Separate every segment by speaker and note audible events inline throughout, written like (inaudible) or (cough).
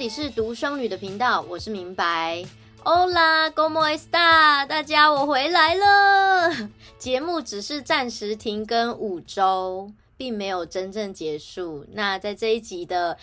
Speaker 1: 這裡是獨生女的頻道，我是明白歐拉，Go m o e Star，大家我回來了。節目只是暫時停更五周，並沒有真正結束。那在這一集的。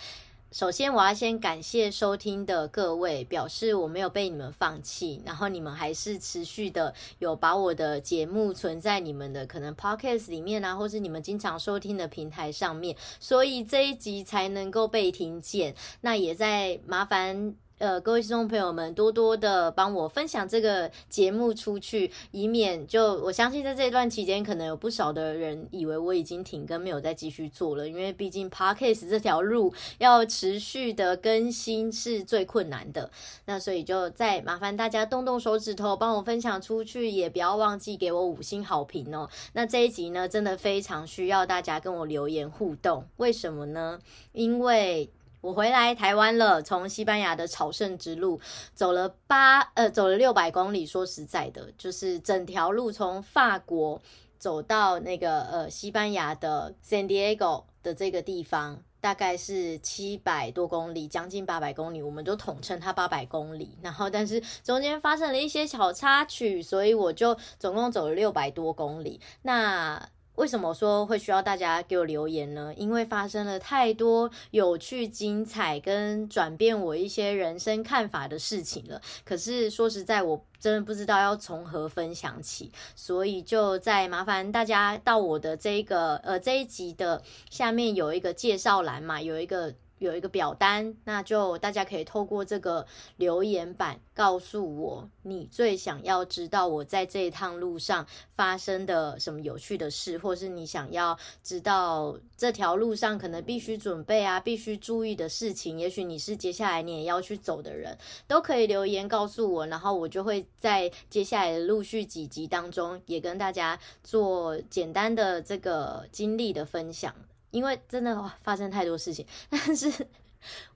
Speaker 1: 首先，我要先感謝收聽的各位，表示我沒有被你們放棄，然後你們還是持續的有把我的節目存在你們的可能 Podcast 裡面啊，或是你們經常收聽的平台上面，所以這一集才能夠被聽見。那也再麻煩。呃，各位聽眾朋友們，多多的幫我分享這個節目出去，以免就我相信在這一段期間，可能有不少的人以為我已經停更，沒有再繼續做了。因為畢竟 Podcast 這條路要持續的更新是最困難的。那所以就再麻煩大家動動手指頭，幫我分享出去，也不要忘記給我五星好評哦。那這一集呢，真的非常需要大家跟我留言互動。為什麼呢？因為我回來台灣了，從西班牙的朝聖之路走了八呃走了六百公里。說實在的，就是整條路從法國走到那個呃西班牙的 Santiago 的這個地方，大概是七百多公里，將近八百公里，我們都統稱它八百公里。然後，但是中間發生了一些小插曲，所以我就總共走了六百多公里。那。為什麼說會需要大家給我留言呢？因為發生了太多有趣、精彩跟轉變我一些人生看法的事情了。可是說實在，我真的不知道要從何分享起，所以就再麻煩大家到我的這一個呃這一集的下面有一個介紹欄嘛，有一個。有一個表單，那就大家可以透過這個留言板告訴我，你最想要知道我在這一趟路上發生的什麼有趣的事，或是你想要知道這條路上可能必須準備啊、必須注意的事情。也許你是接下來你也要去走的人，都可以留言告訴我，然後我就會在接下來的陸續幾集當中也跟大家做簡單的這個經歷的分享。因為真的，哇，發生太多事情，但是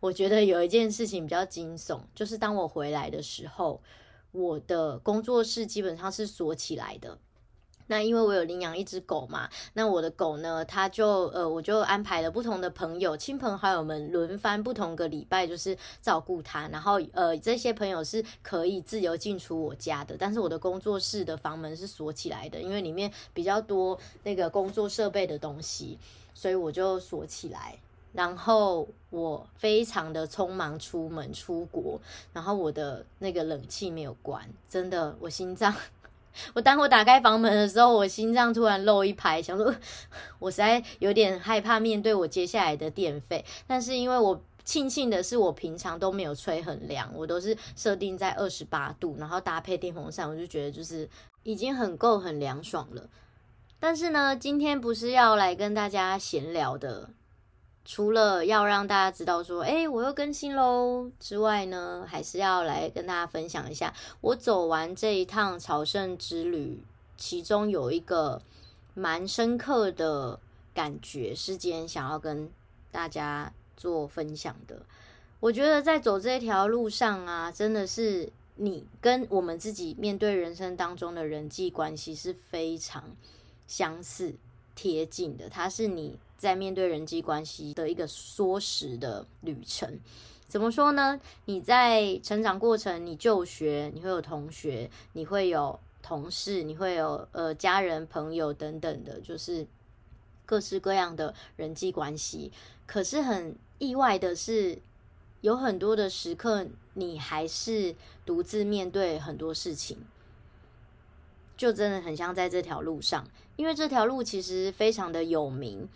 Speaker 1: 我覺得有一件事情比較驚悚，就是當我回來的時候，我的工作室基本上是鎖起來的。那因為我有領養一隻狗嘛，那我的狗呢，它就呃，我就安排了不同的朋友、親朋好友們輪番不同個禮拜，就是照顧它。然後呃，這些朋友是可以自由進出我家的，但是我的工作室的房門是鎖起來的，因為裡面比較多那個工作設備的東西，所以我就鎖起來。然後我非常的匆忙出門出國，然後我的那個冷氣沒有關，真的，我心臟。我當我打開房門的時候，我心臟突然漏一拍，想說，我實在有點害怕面對我接下來的電費。但是因為我慶幸的是，我平常都沒有吹很涼，我都是設定在二十八度，然後搭配電風扇，我就覺得就是已經很夠很涼爽了。但是呢，今天不是要來跟大家閒聊的。除了要讓大家知道說，哎、欸，我又更新嘍之外呢，還是要來跟大家分享一下，我走完這一趟朝聖之旅，其中有一個蠻深刻的感覺，是今天想要跟大家做分享的。我覺得在走這一條路上啊，真的是你跟我們自己面對人生當中的人際關係是非常相似、貼近的，它是你。在面對人際關係的一個縮時的旅程，怎麼說呢？你在成長過程，你就學，你會有同學，你會有同事，你會有呃家人、朋友等等的，就是各式各樣的人際關係。可是很意外的是，有很多的時刻，你還是獨自面對很多事情，就真的很像在這條路上，因為這條路其實非常的有名。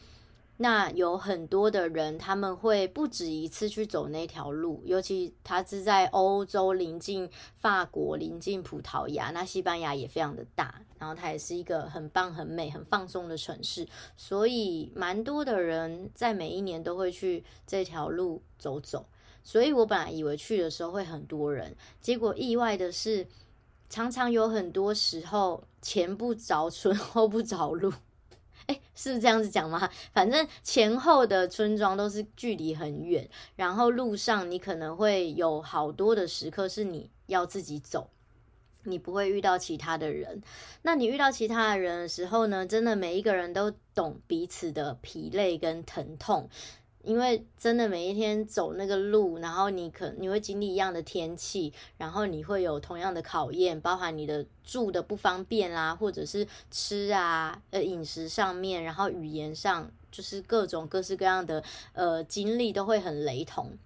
Speaker 1: 那有很多的人，他們會不止一次去走那條路，尤其他是在歐洲臨近法國、臨近葡萄牙，那西班牙也非常的大，然後它也是一個很棒、很美、很放鬆的城市，所以蠻多的人在每一年都會去這條路走走。所以我本來以為去的時候會很多人，結果意外的是，常常有很多時候前不着村後不着路。是不是這樣子講嗎？反正前後的村莊都是距離很遠，然後路上你可能會有好多的時刻是你要自己走，你不會遇到其他的人。那你遇到其他的人的時候呢？真的每一個人都懂彼此的疲累跟疼痛。因為真的每一天走那個路，然後你可你會經歷一樣的天氣，然後你會有同樣的考驗，包含你的住的不方便啦，或者是吃啊，呃，飲食上面，然後語言上，就是各種各式各樣的呃經歷都會很雷同。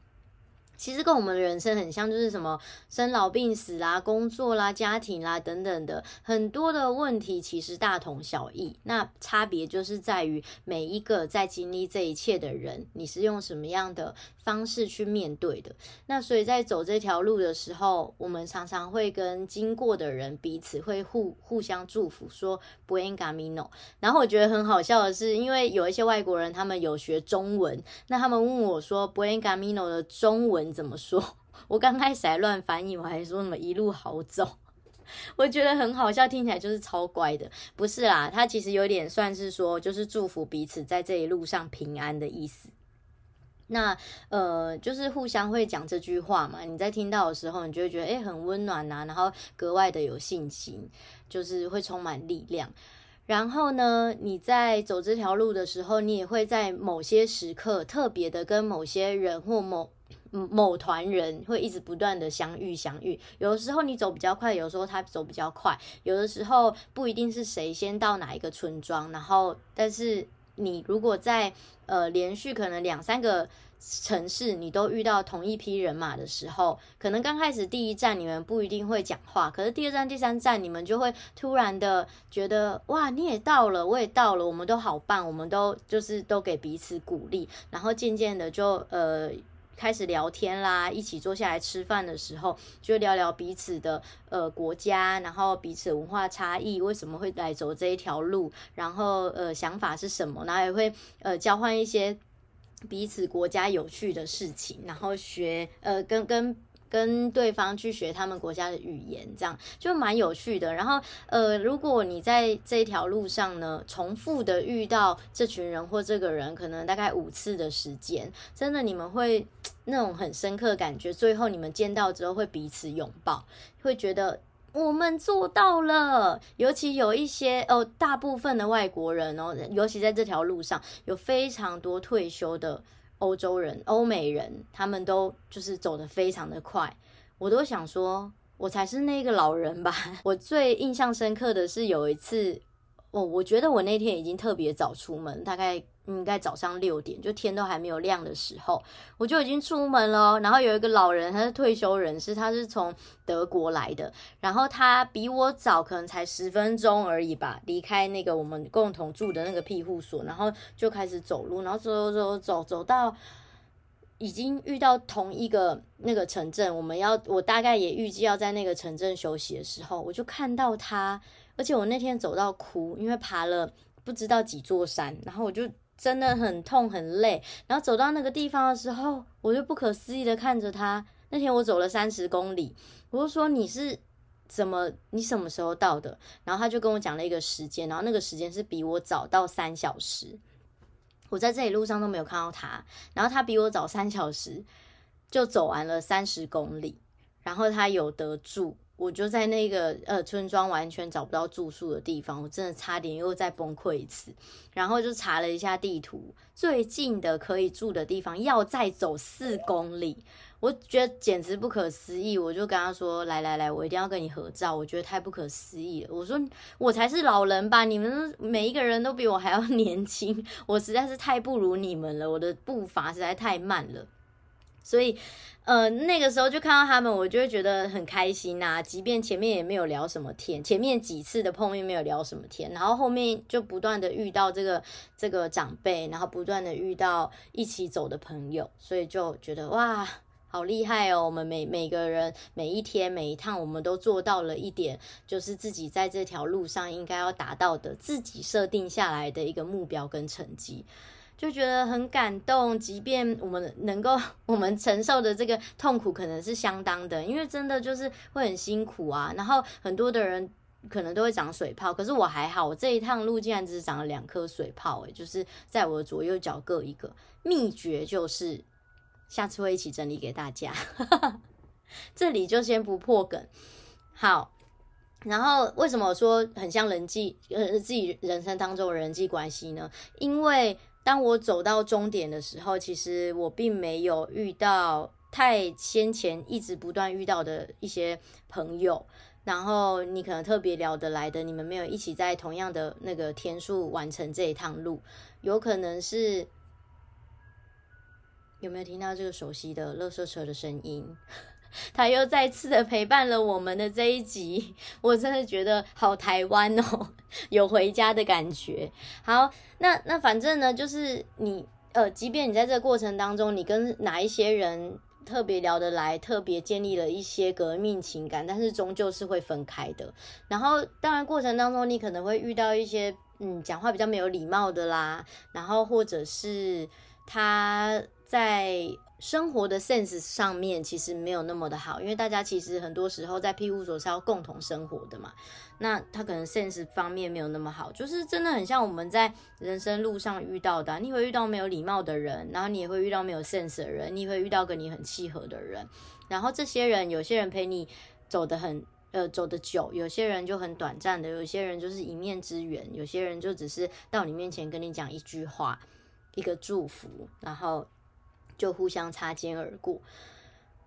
Speaker 1: 其實跟我們的人生很像，就是什麼生老病死啦、工作啦、家庭啦等等的很多的問題，其實大同小異。那差別就是在於每一個在經歷這一切的人，你是用什麼樣的方式去面對的。那所以在走這條路的時候，我們常常會跟經過的人彼此會互互相祝福，說 Buen Camino。然後我覺得很好笑的是，因為有一些外國人他們有學中文，那他們問我說 Buen Camino 的中文。你怎麼說？我剛開始還亂翻譯，我還說什麼一路好走，我覺得很好笑，聽起來就是超乖的。不是啦，他其實有點算是說，就是祝福彼此在這一路上平安的意思。那呃，就是互相會講這句話嘛。你在聽到的時候，你就會覺得欸，很溫暖啊，然後格外的有信心，就是會充滿力量。然後呢，你在走這條路的時候，你也會在某些時刻特別的跟某些人或某。某團人會一直不斷的相遇相遇，有的時候你走比較快，有的時候他走比較快，有的時候不一定是誰先到哪一個村莊。然後，但是你如果在呃連續可能兩三個城市，你都遇到同一批人馬的時候，可能剛開始第一站你們不一定會講話，可是第二站、第三站你們就會突然的覺得哇，你也到了，我也到了，我們都好棒，我們都就是都給彼此鼓勵，然後漸漸的就呃。開始聊天啦，一起坐下來吃飯的時候，就聊聊彼此的呃國家，然後彼此文化差異，為什麼會來走這一條路，然後呃想法是什麼，然後也會呃交換一些彼此國家有趣的事情，然後學呃跟跟。跟跟對方去學他們國家的語言，這樣就蠻有趣的。然後，呃，如果你在這條路上呢，重複的遇到這群人或這個人，可能大概五次的時間，真的你們會那種很深刻的感覺。最後你們見到之後會彼此擁抱，會覺得我們做到了。尤其有一些哦，大部分的外國人哦，尤其在這條路上有非常多退休的。歐洲人、歐美人，他們都就是走得非常的快，我都想說，我才是那個老人吧。我最印象深刻的是有一次，我我覺得我那天已經特別早出門，大概。應該早上六點，就天都還沒有亮的時候，我就已經出門了哦。然後有一個老人，他是退休人士，他是從德國來的。然後他比我早，可能才十分鐘而已吧，離開那個我們共同住的那個庇護所，然後就開始走路，然後走走走走，走到已經遇到同一個那個城鎮。我們要，我大概也預計要在那個城鎮休息的時候，我就看到他。而且我那天走到哭，因為爬了不知道幾座山，然後我就。真的很痛很累，然後走到那個地方的時候，我就不可思議的看着他。那天我走了三十公里，我就說，你是怎麼，你什麼時候到的？然後他就跟我講了一個時間，然後那個時間是比我早到三小時。我在這裡路上都沒有看到他，然後他比我早三小時就走完了三十公里，然後他有得住。我就在那個呃村莊完全找不到住宿的地方，我真的差點又再崩潰一次。然後就查了一下地圖，最近的可以住的地方要再走四公里，我覺得簡直不可思議。我就跟他說：“來來來，我一定要跟你合照，我覺得太不可思議了。”我說：“我才是老人吧？你們每一個人都比我還要年輕，我實在是太不如你們了，我的步伐實在太慢了。”所以，呃，那個時候就看到他們，我就會覺得很開心吶、啊。即便前面也沒有聊什麼天，前面幾次的碰面沒有聊什麼天，然後後面就不斷的遇到這個這個長輩，然後不斷的遇到一起走的朋友，所以就覺得哇，好厲害哦！我們每每個人每一天每一趟，我們都做到了一點，就是自己在這條路上應該要達到的自己設定下來的一個目標跟成績。就覺得很感動，即便我們能夠，我們承受的這個痛苦可能是相當的，因為真的就是會很辛苦啊。然後很多的人可能都會長水泡，可是我還好，我這一趟路竟然只是長了兩顆水泡，欸，誒就是在我的左右腳各一個。秘訣就是，下次會一起整理給大家呵呵，這裡就先不破梗。好，然後為什麼我說很像人際呃自己人生當中的人際關係呢？因為。當我走到終點的時候，其實我並沒有遇到太先前一直不斷遇到的一些朋友，然後你可能特別聊得來的，你們沒有一起在同樣的那個天數完成這一趟路，有可能是有沒有聽到這個熟悉的垃圾車的聲音？ (laughs) 他又再次的陪伴了我們的這一集，我真的覺得好台灣哦。 (laughs) 有回家的感覺，好，那那反正呢，就是你呃，即便你在這個過程當中，你跟哪一些人特別聊得來，特別建立了一些革命情感，但是終究是會分開的。然後，當然過程當中，你可能會遇到一些嗯，講話比較沒有禮貌的啦，然後或者是他在。生活的 sense 上面其實沒有那麼的好，因為大家其實很多時候在庇護所是要共同生活的嘛，那他可能 sense 方面沒有那麼好，就是真的很像我們在人生路上遇到的、啊，你會遇到沒有禮貌的人，然後你也會遇到沒有 sense 的人，你也會遇到跟你很契合的人，然後這些人有些人陪你走的很呃走的久，有些人就很短暫的，有些人就是一面之緣，有些人就只是到你面前跟你講一句話，一個祝福，然後。就互相擦肩而過，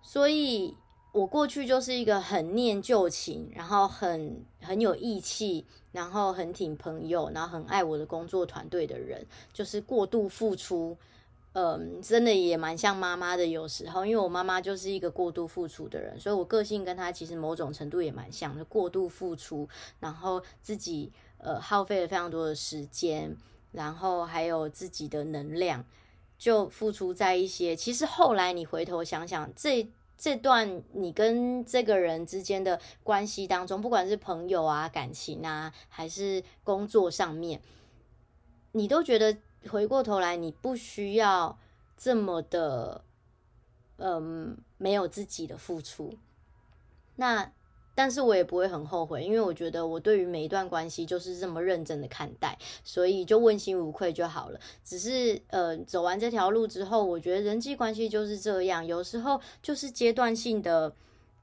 Speaker 1: 所以我過去就是一個很念舊情，然後很很有義氣，然後很挺朋友，然後很愛我的工作團隊的人，就是過度付出，嗯，真的也蠻像媽媽的。有時候，因為我媽媽就是一個過度付出的人，所以我個性跟她其實某種程度也蠻像的。過度付出，然後自己呃耗費了非常多的時間，然後還有自己的能量。就付出在一些，其實後來你回頭想想，這這段你跟這個人之間的關係當中，不管是朋友啊、感情啊，還是工作上面，你都覺得回過頭來，你不需要這麼的，嗯，沒有自己的付出。那。但是我也不會很後悔，因為我覺得我對於每一段關係就是這麼認真的看待，所以就問心無愧就好了。只是呃，走完這條路之後，我覺得人際關係就是這樣，有時候就是階段性的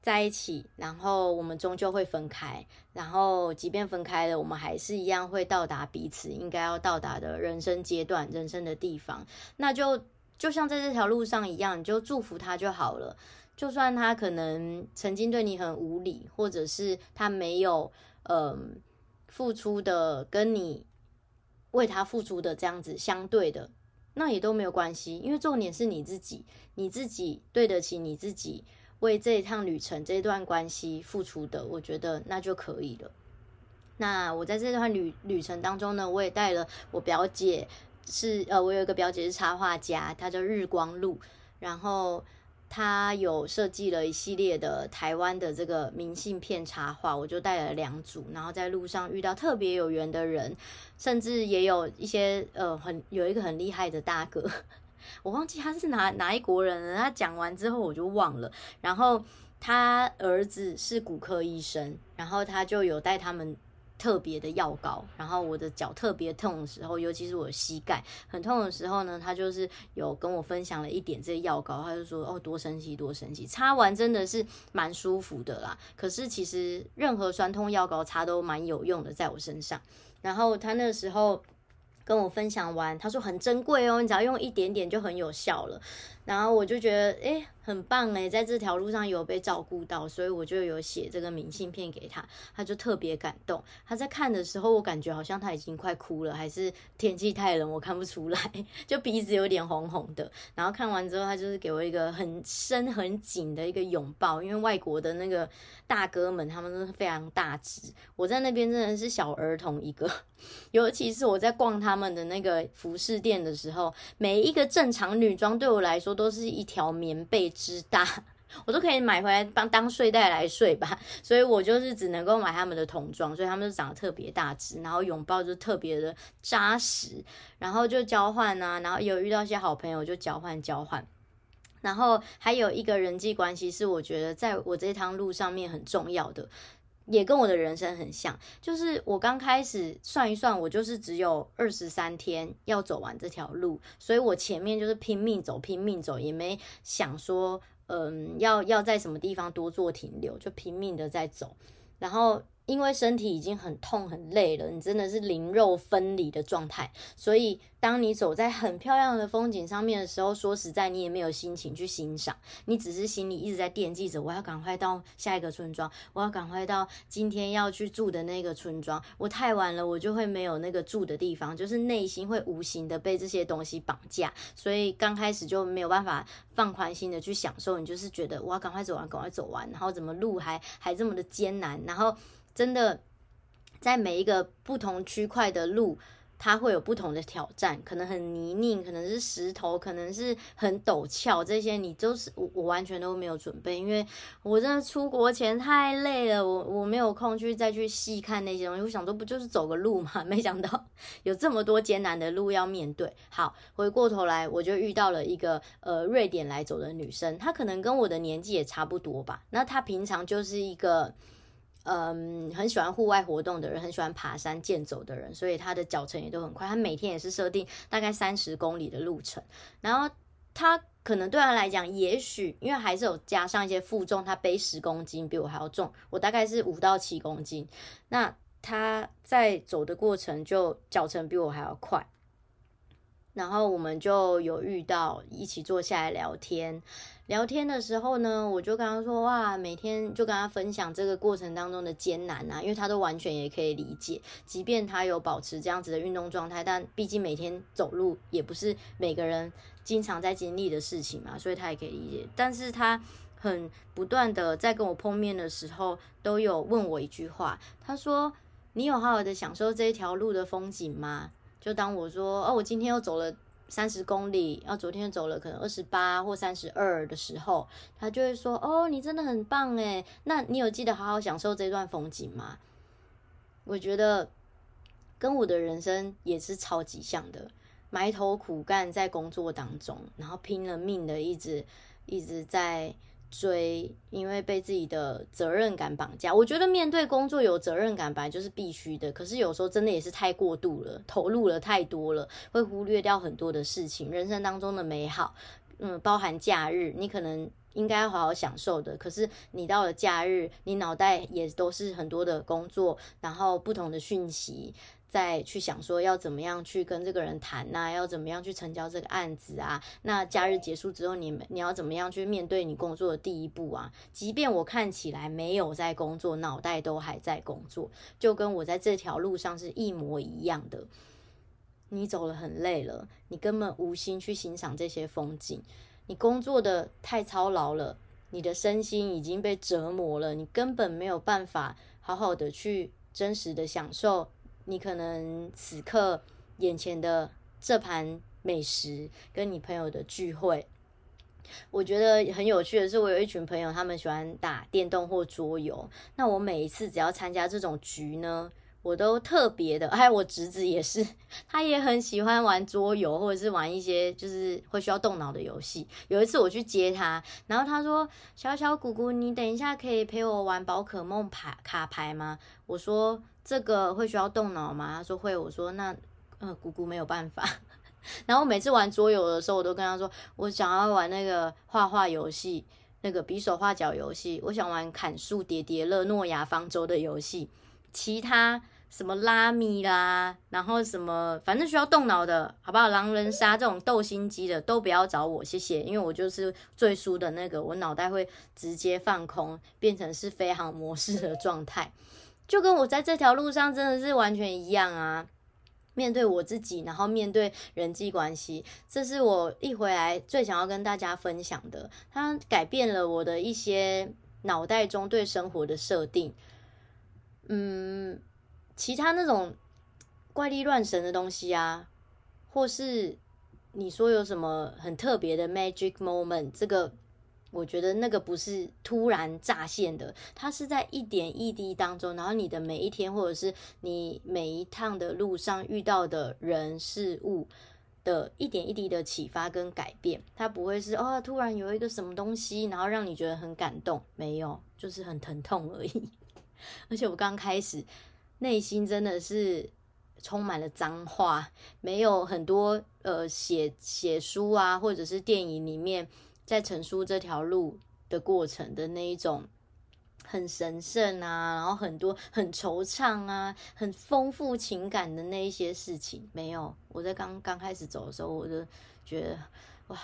Speaker 1: 在一起，然後我們終究會分開。然後即便分開了，我們還是一樣會到達彼此應該要到達的人生階段、人生的地方。那就就像在這條路上一樣，你就祝福他就好了。就算他可能曾經對你很無理，或者是他沒有嗯、呃、付出的跟你為他付出的這樣子相對的，那也都沒有關係，因為重點是你自己，你自己對得起你自己為這一趟旅程、這一段關係付出的，我覺得那就可以了。那我在這段旅旅程當中呢，我也帶了我表姐是，是呃，我有一個表姐是插畫家，她叫日光露，然後。他有設計了一系列的台灣的這個明信片插畫，我就帶了兩組。然後在路上遇到特別有緣的人，甚至也有一些呃很，有一個很厲害的大哥，我忘記他是哪哪一國人了。他講完之後我就忘了。然後他兒子是骨科醫生，然後他就有帶他們。特別的藥膏，然後我的腳特別痛的時候，尤其是我的膝蓋很痛的時候呢，他就是有跟我分享了一點這個藥膏，他就說哦，多神奇，多神奇，擦完真的是蠻舒服的啦。可是其實任何酸痛藥膏擦都蠻有用的，在我身上。然後他那時候跟我分享完，他說很珍貴哦，你只要用一點點就很有效了。然後我就覺得，哎、欸，很棒哎，在這條路上有被照顧到，所以我就有寫這個明信片給他，他就特別感動。他在看的時候，我感覺好像他已經快哭了，還是天氣太冷，我看不出來，就鼻子有點紅紅的。然後看完之後，他就是給我一個很深很緊的一個擁抱，因為外國的那個大哥們他們都是非常大只，我在那邊真的是小兒童一個。尤其是我在逛他們的那個服飾店的時候，每一個正常女裝對我來說。都是一條棉被之大，我都可以買回來幫當睡袋來睡吧。所以我就是只能夠買他們的童裝，所以他們就長得特別大只，然後擁抱就特別的扎實，然後就交換啊，然後有遇到一些好朋友就交換交換。然後還有一個人際關係是我覺得在我這趟路上面很重要的。也跟我的人生很像，就是我剛開始算一算，我就是只有二十三天要走完這條路，所以我前面就是拼命走，拼命走，也沒想說，嗯、呃，要要在什麼地方多做停留，就拼命的在走，然後。因為身體已經很痛很累了，你真的是靈肉分離的狀態。所以，當你走在很漂亮的風景上面的時候，說實在，你也沒有心情去欣賞。你只是心裡一直在惦記着，我要趕快到下一個村莊，我要趕快到今天要去住的那個村莊。我太晚了，我就會沒有那個住的地方，就是內心會無形的被這些東西綁架。所以，剛開始就沒有辦法放寬心的去享受。你就是覺得我要趕快走完，趕快走完，然後怎麼路還還這麼的艱難，然後。真的，在每一個不同區塊的路，它會有不同的挑戰，可能很泥濘，可能是石頭，可能是很陡峭，這些你都、就是我我完全都沒有準備，因為我真的出國前太累了，我我沒有空去再去細看那些東西。我想說，不就是走個路嗎？沒想到有這麼多艱難的路要面對。好，回過頭來，我就遇到了一個呃瑞典來走的女生，她可能跟我的年紀也差不多吧。那她平常就是一個。嗯，很喜歡戶外活動的人，很喜歡爬山健走的人，所以他的腳程也都很快。他每天也是設定大概三十公里的路程，然後他可能對他來講，也許因為還是有加上一些負重，他背十公斤比我還要重，我大概是五到七公斤。那他在走的過程就腳程比我還要快。然後我們就有遇到一起坐下來聊天，聊天的時候呢，我就跟他說哇，每天就跟他分享這個過程當中的艱難啊，因為他都完全也可以理解，即便他有保持這樣子的運動狀態，但畢竟每天走路也不是每個人經常在經歷的事情嘛，所以他也可以理解。但是他很不斷的在跟我碰面的時候，都有問我一句話，他說：“你有好好的享受這一條路的風景嗎？”就當我說哦，我今天又走了三十公里，然後昨天走了可能二十八或三十二的時候，他就會說哦，你真的很棒哎，那你有記得好好享受這段風景嗎？我覺得跟我的人生也是超級像的，埋頭苦幹在工作當中，然後拼了命的一直一直在。追，因為被自己的責任感綁架。我覺得面對工作有責任感本來就是必須的，可是有時候真的也是太過度了，投入了太多了，會忽略掉很多的事情，人生當中的美好。嗯，包含假日，你可能應該要好好享受的。可是你到了假日，你腦袋也都是很多的工作，然後不同的訊息。再去想說要怎麼樣去跟這個人談吶、啊，要怎麼樣去成交這個案子啊？那假日結束之後你、你你要怎麼樣去面對你工作的第一步啊？即便我看起來沒有在工作，腦袋都還在工作，就跟我在這條路上是一模一樣的。你走了很累了，你根本無心去欣賞這些風景，你工作得太操勞了，你的身心已經被折磨了，你根本沒有辦法好好的去真實的享受。你可能此刻眼前的這盤美食、跟你朋友的聚會。我覺得很有趣的是，我有一群朋友，他們喜歡打電動或桌遊。那我每一次只要參加這種局呢？我都特別的，還、哎、有我侄子也是，他也很喜歡玩桌遊或者是玩一些就是會需要動腦的遊戲。有一次我去接他，然後他說：“小小姑姑，你等一下可以陪我玩寶可夢牌卡牌嗎？”我說：“這個會需要動腦嗎？”他說：“會。”我說：“那呃，姑姑沒有辦法。 (laughs) ”然後每次玩桌遊的時候，我都跟他說：“我想要玩那個畫畫遊戲，那個比手畫腳遊戲，我想玩砍樹疊疊樂、諾亞方舟的遊戲，其他。”什麼拉米啦，然後什麼，反正需要動腦的，好不好？狼人殺這種鬥心機的都不要找我，謝謝，因為我就是最輸的那個，我腦袋會直接放空，變成是飛航模式的狀態，就跟我在這條路上真的是完全一樣啊！面對我自己，然後面對人際關係，這是我一回來最想要跟大家分享的，它改變了我的一些腦袋中對生活的設定，嗯。其他那種怪力亂神的東西啊，或是你說有什麼很特別的 magic moment，這個我覺得那個不是突然乍現的，它是在一點一滴當中，然後你的每一天或者是你每一趟的路上遇到的人事物的一點一滴的啟發跟改變，它不會是哦突然有一個什麼東西，然後讓你覺得很感動，沒有，就是很疼痛而已。而且我剛開始。內心真的是充滿了髒話，沒有很多呃寫寫書啊，或者是電影裡面在陳述這條路的過程的那一種很神聖啊，然後很多很惆悵啊，很豐富情感的那一些事情，沒有。我在剛剛開始走的時候，我就覺得哇，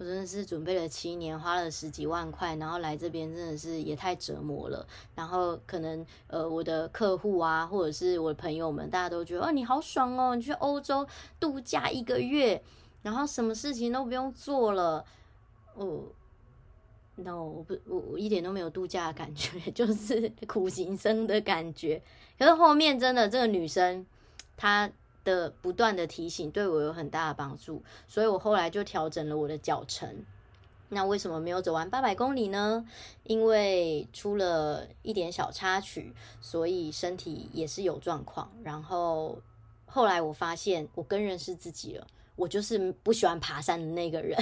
Speaker 1: 我真的是準備了七年，花了十幾萬塊，然後來這邊真的是也太折磨了。然後可能呃，我的客戶啊，或者是我的朋友們，大家都覺得，啊，你好爽哦，你去歐洲度假一個月，然後什麼事情都不用做了。哦，no，我不，我我一點都沒有度假的感覺，就是苦行僧的感覺。可是後面真的這個女生，她。的不斷的提醒對我有很大的幫助，所以我後來就調整了我的腳程。那為什麼沒有走完八百公里呢？因為出了一點小插曲，所以身體也是有狀況。然後後來我發現，我更認識自己了。我就是不喜歡爬山的那個人，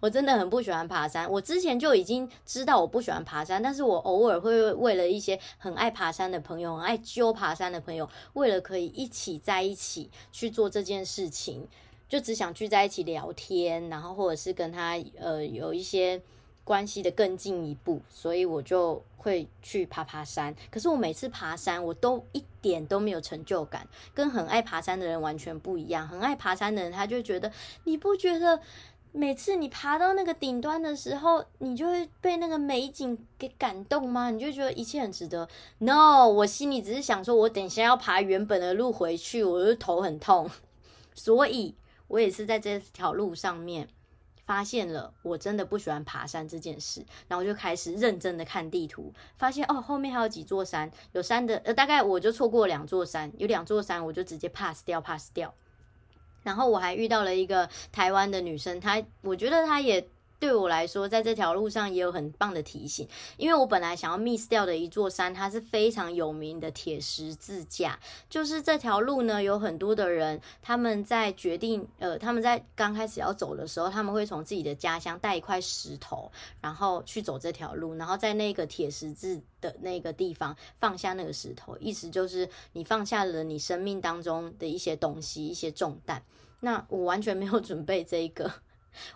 Speaker 1: 我真的很不喜歡爬山。我之前就已經知道我不喜歡爬山，但是我偶爾會為了一些很愛爬山的朋友，很愛揪爬山的朋友，為了可以一起在一起去做這件事情，就只想聚在一起聊天，然後或者是跟他呃有一些。關係的更進一步，所以我就會去爬爬山。可是我每次爬山，我都一點都沒有成就感，跟很愛爬山的人完全不一樣。很愛爬山的人，他就覺得，你不覺得每次你爬到那個頂端的時候，你就會被那個美景給感動嗎？你就覺得一切很值得？No，我心裡只是想說，我等一下要爬原本的路回去，我就頭很痛。所以我也是在這條路上面。發現了，我真的不喜歡爬山這件事，然後就開始認真的看地圖，發現哦，後面還有幾座山，有山的，呃，大概我就錯過兩座山，有兩座山我就直接 pass 掉，pass 掉。然後我還遇到了一個台灣的女生，她，我覺得她也。對我來說，在這條路上也有很棒的提醒，因為我本來想要 miss 掉的一座山，它是非常有名的鐵十字架。就是這條路呢，有很多的人，他們在決定，呃，他們在剛開始要走的時候，他們會從自己的家鄉帶一塊石頭，然後去走這條路，然後在那個鐵十字的那個地方放下那個石頭，意思就是你放下了你生命當中的一些東西，一些重擔。那我完全沒有準備這一個。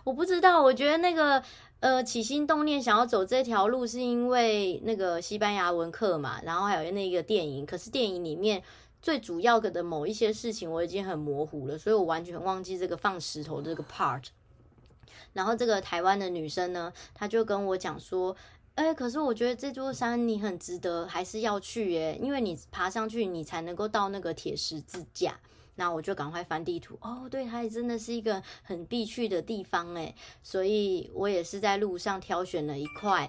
Speaker 1: 我不知道，我覺得那個呃起心動念想要走這條路，是因為那個西班牙文課嘛，然後還有那個電影。可是電影裡面最主要的某一些事情我已經很模糊了，所以我完全忘記這個放石頭的這個 part。然後這個台灣的女生呢，她就跟我講說：“哎、欸，可是我覺得這座山你很值得，還是要去耶、欸，因為你爬上去你才能夠到那個鐵十字架。”那我就趕快翻地圖，哦，對，它也真的是一個很必去的地方誒。所以我也是在路上挑選了一塊，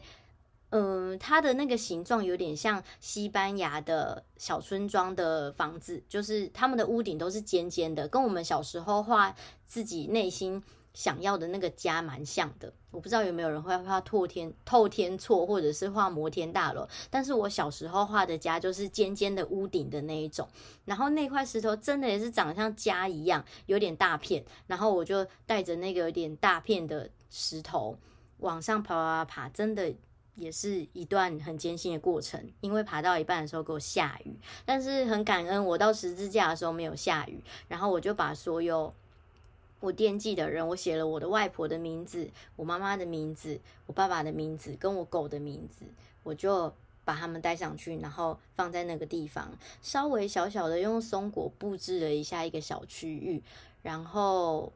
Speaker 1: 嗯，它的那個形狀有點像西班牙的小村莊的房子，就是他們的屋頂都是尖尖的，跟我們小時候畫自己內心。想要的那個家蠻像的，我不知道有沒有人會畫透天透天厝或者是畫摩天大樓，但是我小時候畫的家就是尖尖的屋頂的那一種，然後那塊石頭真的也是長得像家一樣，有點大片，然後我就帶着那個有點大片的石頭往上爬，爬爬爬，真的也是一段很艱辛的過程，因為爬到一半的時候給我下雨，但是很感恩我到十字架的時候沒有下雨，然後我就把所有。我惦記的人，我寫了我的外婆的名字、我媽媽的名字、我爸爸的名字跟我狗的名字，我就把他們帶上去，然後放在那個地方，稍微小小的用松果布置了一下一個小區域，然後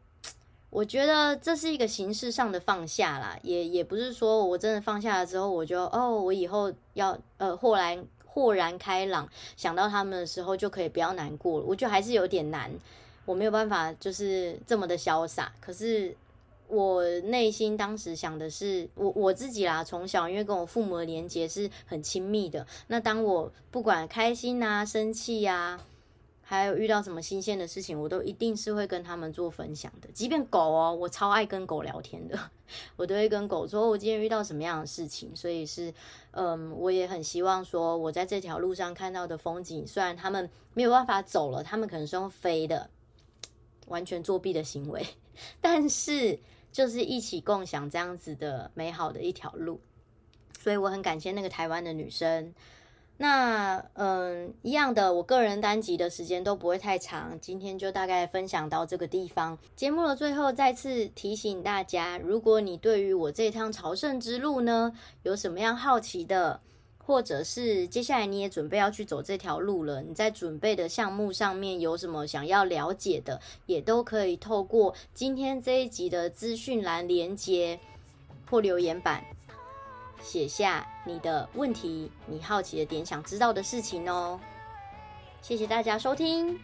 Speaker 1: 我覺得這是一個形式上的放下啦，也也不是說我真的放下了之後，我就哦，我以後要呃豁然豁然開朗，想到他們的時候就可以不要難過了，我覺得還是有點難。我沒有辦法就是這麼的瀟灑，可是我內心當時想的是，我我自己啦，從小因為跟我父母的連接是很親密的，那當我不管開心啊、生氣呀、啊，還有遇到什麼新鮮的事情，我都一定是會跟他們做分享的。即便狗哦，我超愛跟狗聊天的，我都會跟狗說我今天遇到什麼樣的事情。所以是，嗯，我也很希望說，我在這條路上看到的風景，雖然他們沒有辦法走了，他們可能是用飛的。完全作弊的行為，但是就是一起共享這樣子的美好的一條路，所以我很感謝那個台灣的女生。那嗯，一樣的，我個人單集的時間都不會太長，今天就大概分享到這個地方。節目的最後，再次提醒大家，如果你對於我這趟朝聖之路呢，有什麼樣好奇的，或者是接下來你也準備要去走這條路了，你在準備的項目上面有什麼想要了解的，也都可以透過今天這一集的資訊欄連結或留言板寫下你的問題，你好奇的點、想知道的事情哦。謝謝大家收聽。